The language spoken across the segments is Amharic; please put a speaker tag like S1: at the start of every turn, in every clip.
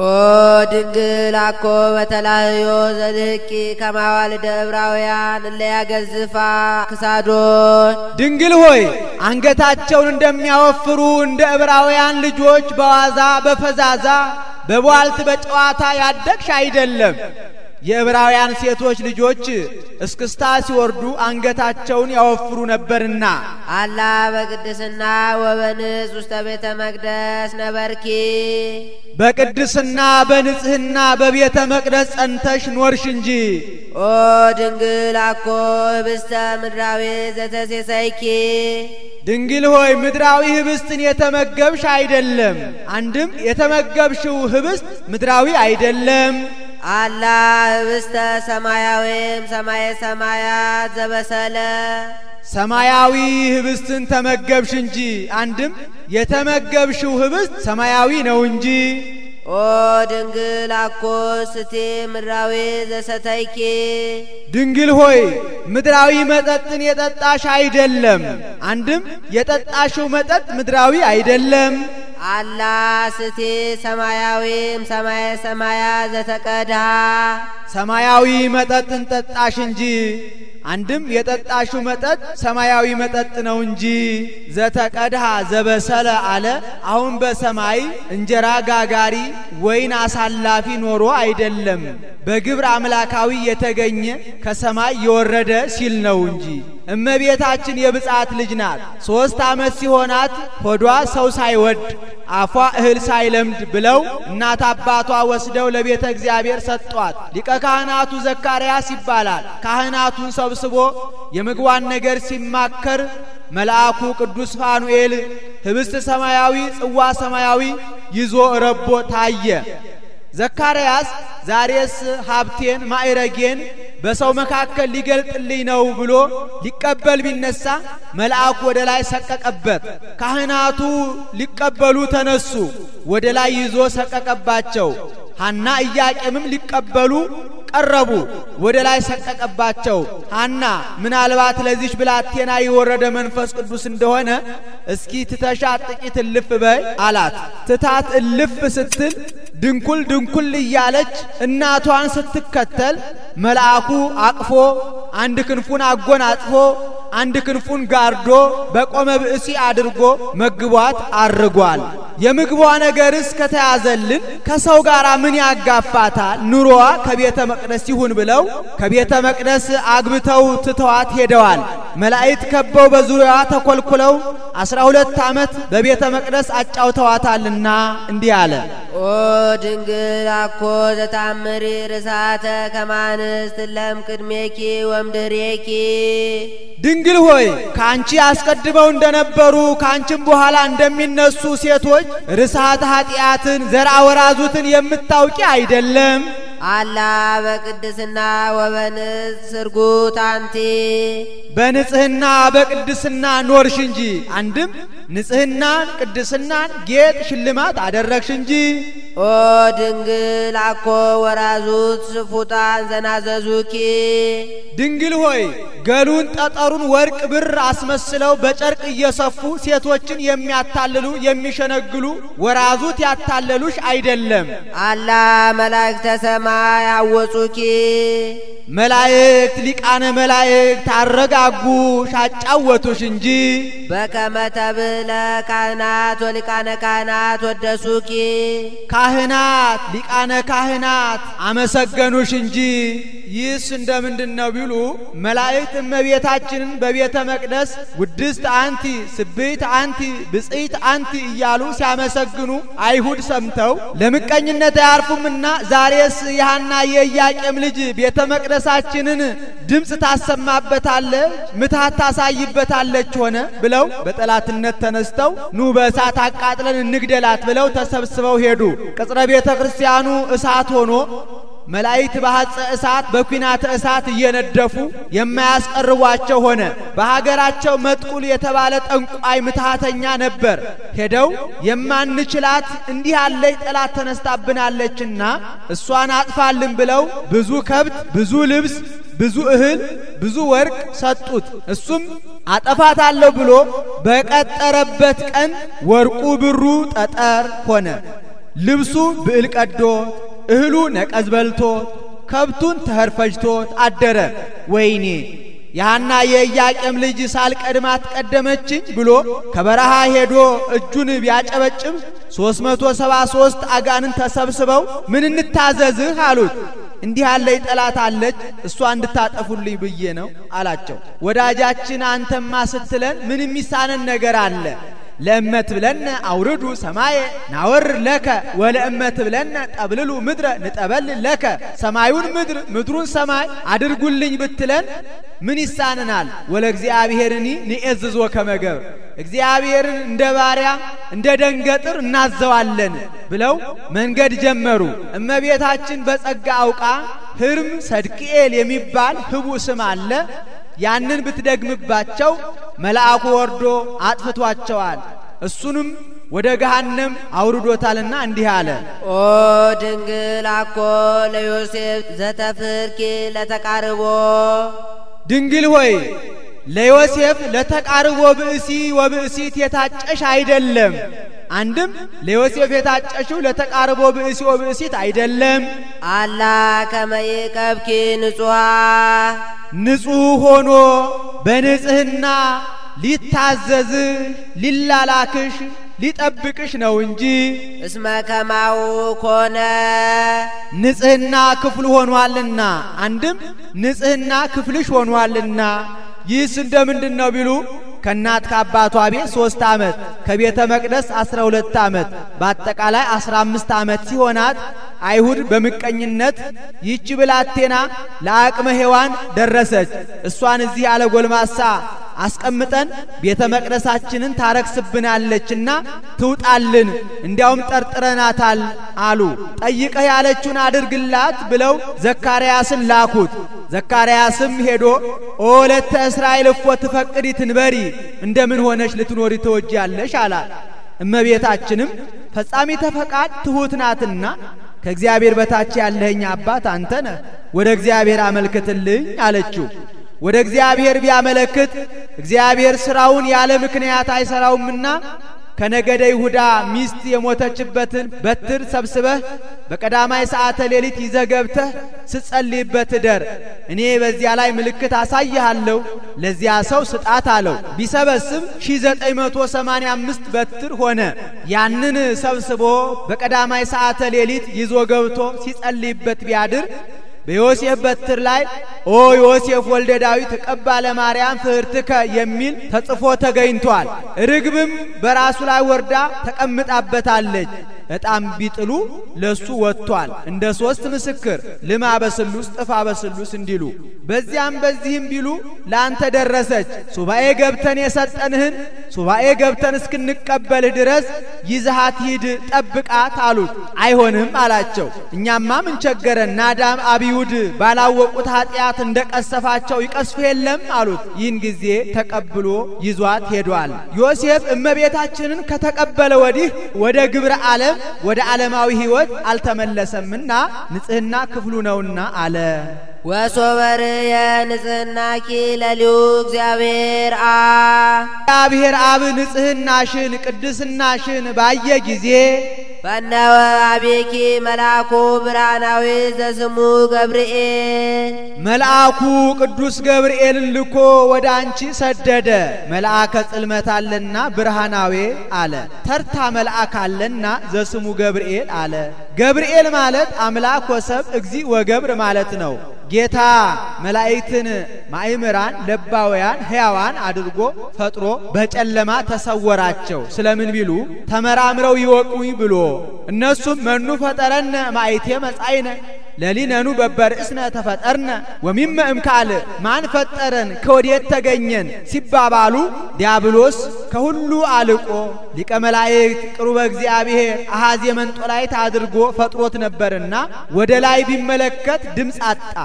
S1: ኦ ድንግል አኮ በተላዮ ዘድህቂ ከማዋል ደብራውያን ለያገዝፋ ክሳዶን ድንግል ሆይ
S2: አንገታቸውን እንደሚያወፍሩ እንደ ዕብራውያን ልጆች በዋዛ በፈዛዛ በቧልት በጨዋታ ያደግሽ አይደለም። የዕብራውያን ሴቶች ልጆች እስክስታ ሲወርዱ አንገታቸውን ያወፍሩ ነበርና
S1: አላ በቅድስና ወበንጽ ውስተ ቤተ መቅደስ ነበርኪ
S2: በቅድስና
S1: በንጽህና በቤተ መቅደስ ጸንተሽ ኖርሽ እንጂ። ኦ ድንግል አኮ ህብስተ ምድራዊ ዘተሴሰይኪ ድንግል
S2: ሆይ ምድራዊ ህብስትን የተመገብሽ አይደለም። አንድም የተመገብሽው ህብስት
S1: ምድራዊ አይደለም። አላ ህብስተ ሰማያዊም ሰማየ ሰማያት ዘበሰለ ሰማያዊ ህብስትን ተመገብሽ
S2: እንጂ አንድም
S1: የተመገብሽው ህብስት ሰማያዊ ነው እንጂ። ኦ ድንግል አኮ ስቴ ምድራዊ ዘሰተይኬ ድንግል ሆይ ምድራዊ መጠጥን የጠጣሽ አይደለም። አንድም
S2: የጠጣሽው መጠጥ ምድራዊ አይደለም።
S1: አላ ስቴ ሰማያዊም ሰማየ ሰማያ ዘተቀድሃ
S2: ሰማያዊ መጠጥን ጠጣሽ እንጂ አንድም የጠጣሹ መጠጥ ሰማያዊ መጠጥ ነው እንጂ ዘተቀድሃ ዘበሰለ አለ። አሁን በሰማይ እንጀራ ጋጋሪ ወይን አሳላፊ ኖሮ አይደለም፣ በግብር አምላካዊ የተገኘ ከሰማይ የወረደ ሲል ነው እንጂ እመቤታችን የብጻት ልጅ ናት። ሶስት ዓመት ሲሆናት ሆዷ ሰው ሳይወድ አፏ እህል ሳይለምድ ብለው እናት አባቷ ወስደው ለቤተ እግዚአብሔር ሰጧት። ሊቀ ካህናቱ ዘካርያስ ይባላል። ካህናቱን ሰብስቦ የምግቧን ነገር ሲማከር መልአኩ ቅዱስ ፋኑኤል ህብስት ሰማያዊ፣ ጽዋ ሰማያዊ ይዞ ረቦ ታየ። ዘካርያስ ዛሬስ ሀብቴን ማዕረጌን በሰው መካከል ሊገልጥልኝ ነው ብሎ ሊቀበል ቢነሳ መልአኩ ወደ ላይ ሰቀቀበት። ካህናቱ ሊቀበሉ ተነሱ፣ ወደ ላይ ይዞ ሰቀቀባቸው። ሐና እያቄምም ሊቀበሉ ቀረቡ፣ ወደ ላይ ሰቀቀባቸው። ሐና ምናልባት ለዚች ብላቴና የወረደ መንፈስ ቅዱስ እንደሆነ እስኪ ትተሻ ጥቂት እልፍ በይ አላት። ትታት እልፍ ስትል ድንኩል ድንኩል እያለች እናቷን ስትከተል መልአኩ አቅፎ አንድ ክንፉን አጎናጽፎ አንድ ክንፉን ጋርዶ በቆመ ብእሲ አድርጎ መግቧት አርጓል። የምግቧ ነገርስ ከተያዘልን ከሰው ጋር ምን ያጋፋታል? ኑሮዋ ከቤተ መቅደስ ይሁን ብለው ከቤተ መቅደስ አግብተው ትተዋት ሄደዋል። መላእክት ከበው በዙሪያዋ ተኮልኩለው አስራ ሁለት ዓመት በቤተ መቅደስ አጫውተዋታልና እንዲህ አለ።
S1: ኦ ድንግል አኮ ዘታምሪ ርሳተ ከማንስ ትለም ቅድሜኪ ወምድሬኪ
S2: ድንግል ሆይ ከአንቺ አስቀድመው እንደነበሩ ከአንቺም በኋላ እንደሚነሱ ሴቶች ርሳት ኃጢአትን ዘራወራዙትን የምታውቂ አይደለም።
S1: አላ በቅድስና ወበንጽ ስርጉት አንቲ
S2: በንጽህና በቅድስና ኖርሽ እንጂ አንድም
S1: ንጽህናን ቅድስናን ጌጥ ሽልማት አደረግሽ እንጂ። ኦ ድንግል አኮ ወራዙት ስፉጣን ዘናዘዙኪ
S2: ድንግል ሆይ ገሉን ጠጠሩን ወርቅ ብር አስመስለው በጨርቅ እየሰፉ ሴቶችን የሚያታልሉ የሚሸነግሉ ወራዙት ያታለሉሽ አይደለም።
S1: አላ መላእክተ ሰማይ አወጹኪ መላእክት ሊቃነ መላእክት አረጋጉሽ አጫወቱሽ እንጂ በከመ ተብለ ካህናት ወሊቃነ ካህናት ወደሱኪ ካህናት ሊቃነ ካህናት
S2: አመሰገኑሽ እንጂ ይህስ እንደ ምንድን ነው ቢሉ መላእክት እመቤታችንን በቤተ መቅደስ ውድስት አንቲ ስብይት አንቲ ብጽይት አንቲ እያሉ ሲያመሰግኑ አይሁድ ሰምተው ለምቀኝነት አያርፉምና ዛሬስ ያህና የኢያቄም ልጅ ቤተ መቅደሳችንን ድምፅ ታሰማበታለች፣ ምትሃት ታሳይበታለች ሆነ ብለው በጠላትነት ተነስተው ኑ በእሳት አቃጥለን እንግደላት ብለው ተሰብስበው ሄዱ። ቅጽረ ቤተ ክርስቲያኑ እሳት ሆኖ መላእክት በሐፀ እሳት በኩናተ እሳት እየነደፉ የማያስቀርቧቸው ሆነ። በሀገራቸው መጥቁል የተባለ ጠንቋይ ምትሃተኛ ነበር። ሄደው የማንችላት እንዲህ ያለች ጠላት ተነስታብናለችና እሷን አጥፋልን ብለው ብዙ ከብት፣ ብዙ ልብስ፣ ብዙ እህል፣ ብዙ ወርቅ ሰጡት። እሱም አጠፋታለሁ ብሎ በቀጠረበት ቀን ወርቁ ብሩ ጠጠር ሆነ፣ ልብሱ ብዕል ቀዶ እህሉ ነቀዝ በልቶ ከብቱን ተህር አደረ። ወይኔ ያና የኢያቄም ልጅ ሳል ቀድማት ቀደመችኝ ብሎ ከበረሃ ሄዶ እጁን ቢያጨበጭብ 373 መቶ ሰባ አጋንን ተሰብስበው ምን እንታዘዝህ አሉት። እንዲህ ያለ ጠላት አለች እሷ እንድታጠፉልኝ ብዬ ነው አላቸው። ወዳጃችን አንተማ ስትለን ምን የሚሳነን ነገር አለ? ለእመት ብለነ አውርዱ ሰማየ ናወር ለከ ወለእመት ብለነ ጠብልሉ ምድረ ንጠበል ለከ ሰማዩን ምድር ምድሩን ሰማይ አድርጉልኝ ብትለን ምን ይሳንናል? ወለ እግዚአብሔርኒ ንኤዝዞ ከመገብ እግዚአብሔርን እንደ ባሪያ እንደ ደንገጥር እናዘዋለን ብለው መንገድ ጀመሩ። እመቤታችን በጸጋ አውቃ ህርም ሰድቅኤል የሚባል ህቡ ስም አለ። ያንን ብትደግምባቸው መልአኩ ወርዶ አጥፍቷቸዋል፣ እሱንም ወደ ገሃነም አውርዶታልና እንዲህ አለ።
S1: ኦ ድንግል አኮ ለዮሴፍ ዘተፍርኪ ለተቃርቦ፣
S2: ድንግል ሆይ ለዮሴፍ ለተቃርቦ ብእሲ ወብእሲት
S1: የታጨሽ አይደለም። አንድም ለዮሴፍ የታጨሽው ለተቃርቦ ብእሲ ወብእሲት አይደለም። አላ ከመይቀብኪ ንጹሃ ንጹሕ ሆኖ በንጽሕና ሊታዘዝ
S2: ሊላላክሽ ሊጠብቅሽ ነው እንጂ እስመ ከማው ኮነ ንጽሕና ክፍል ሆኗልና፣ አንድም ንጽሕና ክፍልሽ ሆኗልና። ይህስ እንደምንድን ነው ቢሉ ከእናት ከአባቷ ቤት ሶስት ዓመት ከቤተ መቅደስ አስራ ሁለት ዓመት በአጠቃላይ አስራ አምስት ዓመት ሲሆናት አይሁድ በምቀኝነት ይህች ብላቴና ለአቅመ ሔዋን ደረሰች፣ እሷን እዚህ ያለ ጎልማሳ አስቀምጠን ቤተ መቅደሳችንን ታረክስብናለችና ትውጣልን፣ እንዲያውም ጠርጥረናታል አሉ። ጠይቀህ ያለችውን አድርግላት ብለው ዘካርያስን ላኩት። ዘካርያስም ሄዶ ኦ እስራኤል እፎ ትፈቅድ ትንበሪ፣ እንደምን ሆነች ልትኖሪ ትወጃለሽ አላት። እመቤታችንም ፈጻሚ ተፈቃድ ትሑት ናትና ከእግዚአብሔር በታች ያለኸኝ አባት አንተ ነህ፣ ወደ እግዚአብሔር አመልክትልኝ አለችው። ወደ እግዚአብሔር ቢያመለክት እግዚአብሔር ስራውን ያለ ምክንያት አይሰራውምና ከነገደ ይሁዳ ሚስት የሞተችበትን በትር ሰብስበህ በቀዳማይ ሰዓተ ሌሊት ይዘህ ገብተህ ስጸልይበት እደር፣ እኔ በዚያ ላይ ምልክት አሳይሃለሁ፣ ለዚያ ሰው ስጣት አለው። ቢሰበስብ ሺህ ዘጠኝ መቶ ሰማንያ አምስት በትር ሆነ። ያንን ሰብስቦ በቀዳማይ ሰዓተ ሌሊት ይዞ ገብቶ ሲጸልይበት ቢያድር በዮሴፍ በትር ላይ ኦ ዮሴፍ ወልደ ዳዊት ቀባ ማርያም ፍህርትከ የሚል ተጽፎ ተገኝቷል። ርግብም በራሱ ላይ ወርዳ ተቀምጣበታለች። እጣም ቢጥሉ ለሱ ወጥቷል። እንደ ሶስት ምስክር ልማ በስሉስ ጥፋ በስሉስ እንዲሉ በዚያም በዚህም ቢሉ ለአንተ ደረሰች። ሱባኤ ገብተን የሰጠንህን ሱባኤ ገብተን እስክንቀበልህ ድረስ ይዝሃት ሂድ፣ ጠብቃት አሉት። አይሆንም አላቸው። እኛማ ምን ቸገረን? ናዳም አብዩ አይሁድ ባላወቁት ኃጢአት እንደ ቀሰፋቸው ይቀስፍ የለም አሉት። ይህን ጊዜ ተቀብሎ ይዟት ሄዷል። ዮሴፍ እመቤታችንን ከተቀበለ ወዲህ ወደ ግብረ ዓለም ወደ ዓለማዊ ሕይወት
S1: አልተመለሰምና ንጽሕና ክፍሉ ነውና አለ። ወሶበር የንጽህናኪ ለሊሁ እግዚአብሔር አ እግዚአብሔር አብ ንጽህናሽን ቅድስናሽን ባየ ጊዜ በነወ አቤኪ መልአኩ ብርሃናዊ ዘስሙ ገብርኤል መልአኩ ቅዱስ
S2: ገብርኤልን ልኮ ወደ አንቺ ሰደደ። መልአከ ጽልመት አለና ብርሃናዌ አለ። ተርታ መልአክ አለና ዘስሙ ገብርኤል አለ። ገብርኤል ማለት አምላክ ወሰብ እግዚ ወገብር ማለት ነው። ጌታ መላእክትን ማእምራን ለባውያን ሕያዋን አድርጎ ፈጥሮ በጨለማ ተሰወራቸው። ስለምን ቢሉ ተመራምረው ይወቁኝ ብሎ እነሱም መኑ ፈጠረነ ማእቴ መጻይነ ለሊነኑ በበርእስነ ተፈጠርነ ወሚመ እምካል ማን ፈጠረን ከወዴት ተገኘን ሲባባሉ ዲያብሎስ ከሁሉ አልቆ ሊቀ መላእክት ቅሩበ እግዚአብሔር አሐዜ መንጦላይት አድርጎ ፈጥሮት ነበርና ወደ ላይ ቢመለከት ድምፅ አጣ።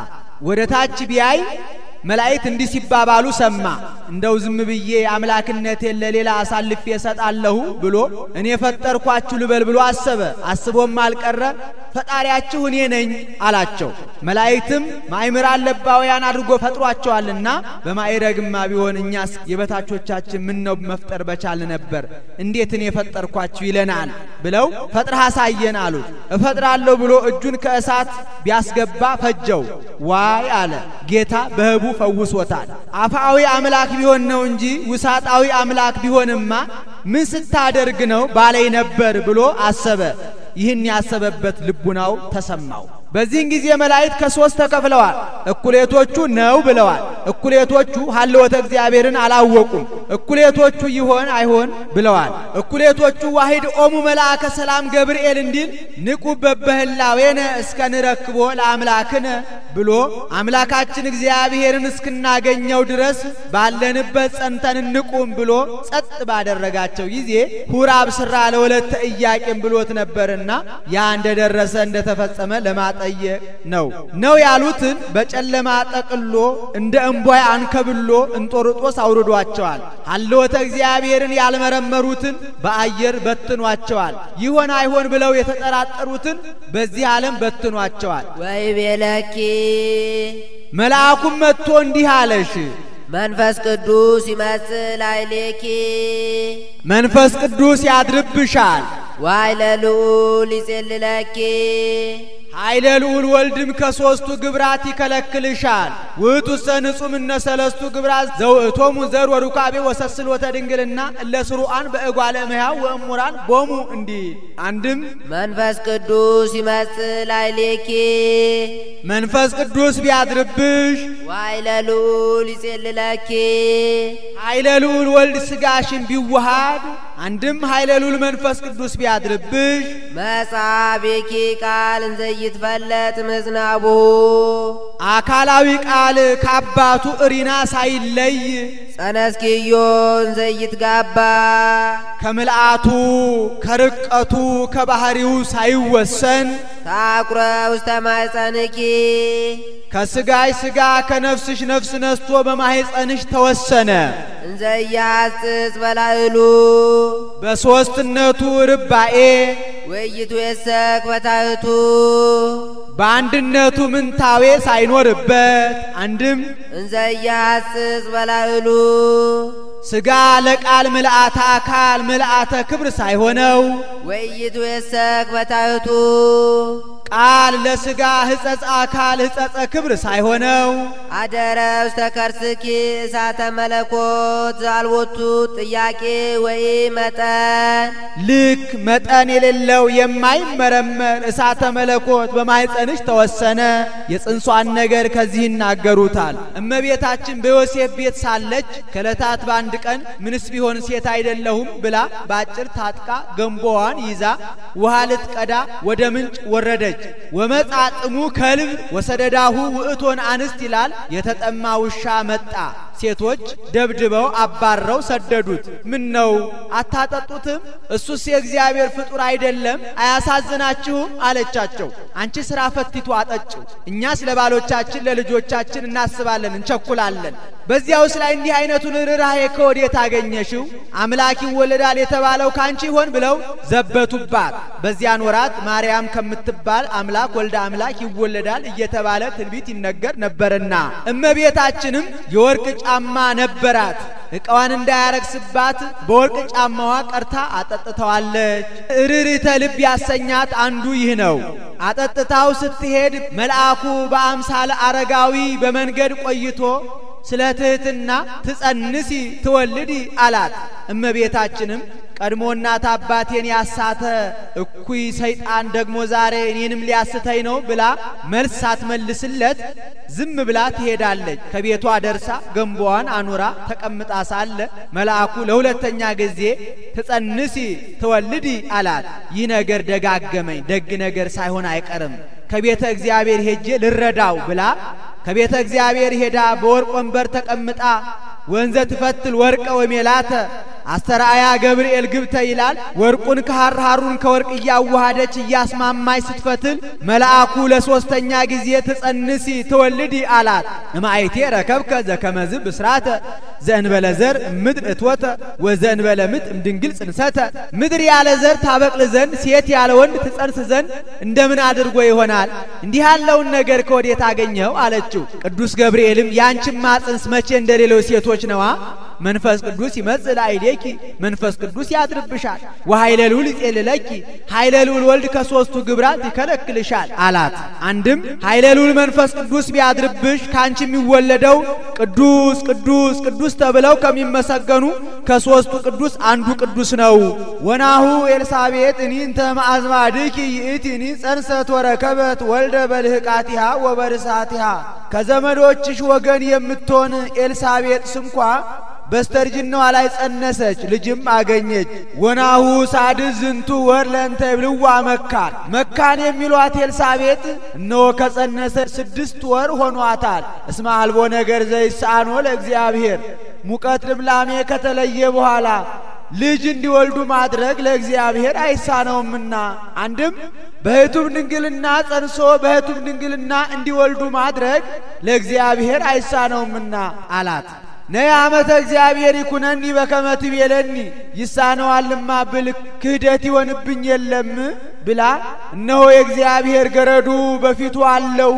S2: ወደ ታች ቢያይ መላእክት እንዲህ ሲባባሉ ሰማ። እንደው ዝም ብዬ አምላክነቴን ለሌላ አሳልፌ እሰጣለሁ ብሎ እኔ የፈጠርኳችሁ ልበል ብሎ አሰበ። አስቦም አልቀረ ፈጣሪያችሁ እኔ ነኝ አላቸው። መላእክትም ማእምራን ለባውያን አድርጎ ፈጥሯቸዋልና በማይረግማ ቢሆን እኛስ የበታቾቻችን ነው መፍጠር በቻል ነበር፣ እንዴት እኔ የፈጠርኳችሁ ይለናል ብለው ፈጥረህ አሳየን አሉት። እፈጥራለሁ ብሎ እጁን ከእሳት ቢያስገባ ፈጀው፣ ዋይ አለ። ጌታ በህቡ ፈውሶታል። አፋዊ አምላክ ቢሆን ነው እንጂ ውሳጣዊ አምላክ ቢሆንማ ምን ስታደርግ ነው ባለይ ነበር ብሎ አሰበ። ይህን ያሰበበት ልቡናው ተሰማው። በዚህን ጊዜ መላእክት ከሶስት ተከፍለዋል። እኩሌቶቹ ነው ብለዋል። እኩሌቶቹ ሀልወተ እግዚአብሔርን አላወቁም። እኩሌቶቹ ይሆን አይሆን ብለዋል። እኩሌቶቹ ዋሂድ ኦሙ መልአከ ሰላም ገብርኤል እንዲል ንቁ በበህላዌነ እስከ ንረክቦ ለአምላክነ ብሎ አምላካችን እግዚአብሔርን እስክናገኘው ድረስ ባለንበት ጸንተን ንቁም ብሎ ጸጥ ባደረጋቸው ጊዜ ሁራብ ስራ ለወለተ እያቄም ብሎት ነበርና ያ እንደደረሰ እንደተፈጸመ ለማ መጠየቅ ነው። ነው ያሉትን በጨለማ ጠቅሎ እንደ እምቧይ አንከብሎ እንጦርጦስ አውርዷቸዋል። ሀልወተ እግዚአብሔርን ያልመረመሩትን በአየር በትኗቸዋል። ይሆን አይሆን ብለው የተጠራጠሩትን በዚህ
S1: ዓለም በትኗቸዋል። ወይ ቤለኪ
S2: መልአኩም መጥቶ እንዲህ አለሽ
S1: መንፈስ ቅዱስ ይመስል አይሌኪ
S2: መንፈስ ቅዱስ ያድርብሻል
S1: ዋይ ለልዑል ይጼልለኪ
S2: ኃይለ ልዑል ወልድም ከሦስቱ ግብራት ይከለክልሻል። ውእቱሰ ንጹም እነ ሰለስቱ ግብራት ዘውእቶሙ ዘር ወሩካቤ ወሰስሎተ ድንግልና ለስሩአን
S1: በእጓለ እምሕያው ወእሙራን ቦሙ እንዲል አንድም መንፈስ ቅዱስ ይመጽእ ላዕሌኪ መንፈስ ቅዱስ ቢያድርብሽ ዋይለ ልዑል ይጼልለኪ ኃይለ ልዑል ወልድ ስጋሽን ቢዋሃድ
S2: አንድም ኃይለ ልዑል መንፈስ ቅዱስ ቢያድርብሽ
S1: መጽአ ቤኪ ቃል እንዘይትፈለጥ ምዝናቡ አካላዊ ቃል ከአባቱ እሪና ሳይለይ ጸነስኪዮ እንዘይትጋባ ከምልአቱ ከርቀቱ ከባህሪው ሳይወሰን ታቁረ ውስተ ማኅፀንኪ
S2: ከስጋይ ስጋ ከነፍስሽ ነፍስ ነስቶ በማህፀንሽ ተወሰነ።
S1: እንዘ ኢያጽጽ በላዕሉ
S2: በሶስትነቱ ርባኤ
S1: ወይቱ የሰክ በታህቱ
S2: በአንድነቱ ምንታዌ ሳይኖርበት አንድም
S1: እንዘ ኢያጽጽ በላዕሉ ስጋ ለቃል ምልአተ አካል ምልአተ ክብር ሳይሆነው ወይቱ የሰክ በታህቱ ቃል ለስጋ ህጸጽ አካል ህጸጸ ክብር ሳይሆነው አደረ ውስተ ከርስኪ እሳተ መለኮት ዛልቦቱ ጥያቄ ወይ መጠን ልክ መጠን የሌለው የማይመረመር እሳተ
S2: መለኮት በማህፀንሽ ተወሰነ። የጽንሷን ነገር ከዚህ ይናገሩታል። እመቤታችን በዮሴፍ ቤት ሳለች ከለታት በአንድ ቀን ምንስ ቢሆን ሴት አይደለሁም ብላ በአጭር ታጥቃ ገንቦዋን ይዛ ውሃ ልትቀዳ ወደ ምንጭ ወረደች። ወመጻ ጽሙ ከልብ ወሰደዳሁ ውእቶን አንስት ይላል። የተጠማ ውሻ መጣ ሴቶች ደብድበው አባረው ሰደዱት። ምን ነው አታጠጡትም? እሱስ የእግዚአብሔር ፍጡር አይደለም? አያሳዝናችሁም? አለቻቸው። አንቺ ስራ ፈቲቱ አጠጭው፣ እኛስ ለባሎቻችን ለልጆቻችን እናስባለን፣ እንቸኩላለን። በዚያውስ ላይ እንዲህ አይነቱን ርኅራኄ ከወዴት አገኘሽው? አምላክ ይወለዳል የተባለው ካንቺ ይሆን ብለው ዘበቱባት። በዚያን ወራት ማርያም ከምትባል አምላክ ወልደ አምላክ ይወለዳል እየተባለ ትንቢት ይነገር ነበርና እመቤታችንም የወርቅ ጫማ ነበራት። እቃዋን እንዳያረግስባት በወርቅ ጫማዋ ቀርታ አጠጥተዋለች። እርርተ ልብ ያሰኛት አንዱ ይህ ነው። አጠጥታው ስትሄድ መልአኩ በአምሳል አረጋዊ በመንገድ ቆይቶ ስለ ትሕትና ትጸንሲ ትወልድ አላት። እመቤታችንም ቀድሞ እናት አባቴን ያሳተ እኩይ ሰይጣን ደግሞ ዛሬ እኔንም ሊያስተኝ ነው ብላ መልስ ሳትመልስለት ዝም ብላ ትሄዳለች። ከቤቷ ደርሳ ገንቦዋን አኑራ ተቀምጣ ሳለ መልአኩ ለሁለተኛ ጊዜ ትጸንሲ ትወልዲ አላት። ይህ ነገር ደጋገመኝ፣ ደግ ነገር ሳይሆን አይቀርም ከቤተ እግዚአብሔር ሄጄ ልረዳው ብላ ከቤተ እግዚአብሔር ሄዳ በወርቅ ወንበር ተቀምጣ ወንዘ ትፈትል ወርቀ ወሜላተ አስተርአያ ገብርኤል ግብተ ይላል። ወርቁን ከሐርሐሩን ከወርቅ እያዋሃደች እያስማማች ስትፈትል መልአኩ ለሶስተኛ ጊዜ ትጸንሲ ትወልዲ አላት። እማይቴ ረከብከ ዘከመዝ ብስራተ ዘእንበለ ዘር ምድር እትወተ ወዘእንበለ ምጥ እምድንግል ጽንሰተ። ምድር ያለ ዘር ታበቅል ዘንድ ሴት ያለ ወንድ ትጸንስ ዘንድ እንደምን አድርጎ ይሆናል? እንዲህ ያለውን ነገር ከወዴት አገኘው አለችው። ቅዱስ ገብርኤልም ያንችማ ጽንስ መቼ እንደሌለው ሴቶች ነዋ መንፈስ ቅዱስ ይመጽእ ላዕሌኪ መንፈስ ቅዱስ ያድርብሻል። ወኃይለ ልዑል ይጼልለኪ ኃይለ ልዑል ወልድ ከሦስቱ ግብራት ይከለክልሻል አላት። አንድም ኃይለ ልዑል መንፈስ ቅዱስ ቢያድርብሽ ከአንቺ የሚወለደው ቅዱስ ቅዱስ ቅዱስ ተብለው ከሚመሰገኑ ከሦስቱ ቅዱስ አንዱ ቅዱስ ነው። ወናሁ ኤልሳቤጥ እኒንተ ማአዝማድኪ ይእቲኒ ጸንሰት ወረከበት ወልደ በልህቃቲሃ ወበርሳቲሃ ከዘመዶችሽ ወገን የምትሆን ኤልሳቤጥ ስንኳ በስተርጅናዋ ላይ ጸነሰች፣ ልጅም አገኘች። ወናሁ ሳድስ ዝንቱ ወር ለእንተ ይብልዋ መካን መካን የሚሏት ኤልሳቤጥ እነሆ ከጸነሰ ስድስት ወር ሆኗታል። እስመ አልቦ ነገር ዘይሳኖ ለእግዚአብሔር ሙቀት ልምላሜ ከተለየ በኋላ ልጅ እንዲወልዱ ማድረግ ለእግዚአብሔር አይሳነውምና፣ አንድም በህቱም ድንግልና ጸንሶ በህቱም ድንግልና እንዲወልዱ ማድረግ ለእግዚአብሔር አይሳነውምና አላት። ነይ አመተ እግዚአብሔር ይኩነኒ በከመ ትቤለኒ ይሳነዋልማ ብል ክህደት ይሆንብኝ የለም ብላ እነሆ የእግዚአብሔር ገረዱ በፊቱ አለው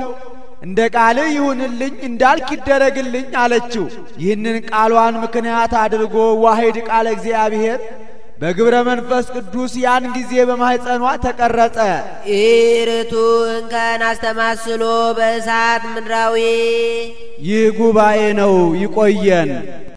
S2: እንደ ቃል ይሁንልኝ እንዳልክ ይደረግልኝ አለችው። ይህንን ቃሏን ምክንያት አድርጎ ዋሂድ ቃለ እግዚአብሔር በግብረ መንፈስ ቅዱስ ያን ጊዜ በማኅፀኗ ተቀረጸ።
S1: ኢርቱ እንከን አስተማስሎ በእሳት ምድራዊ
S2: ይህ ጉባኤ ነው። ይቆየን።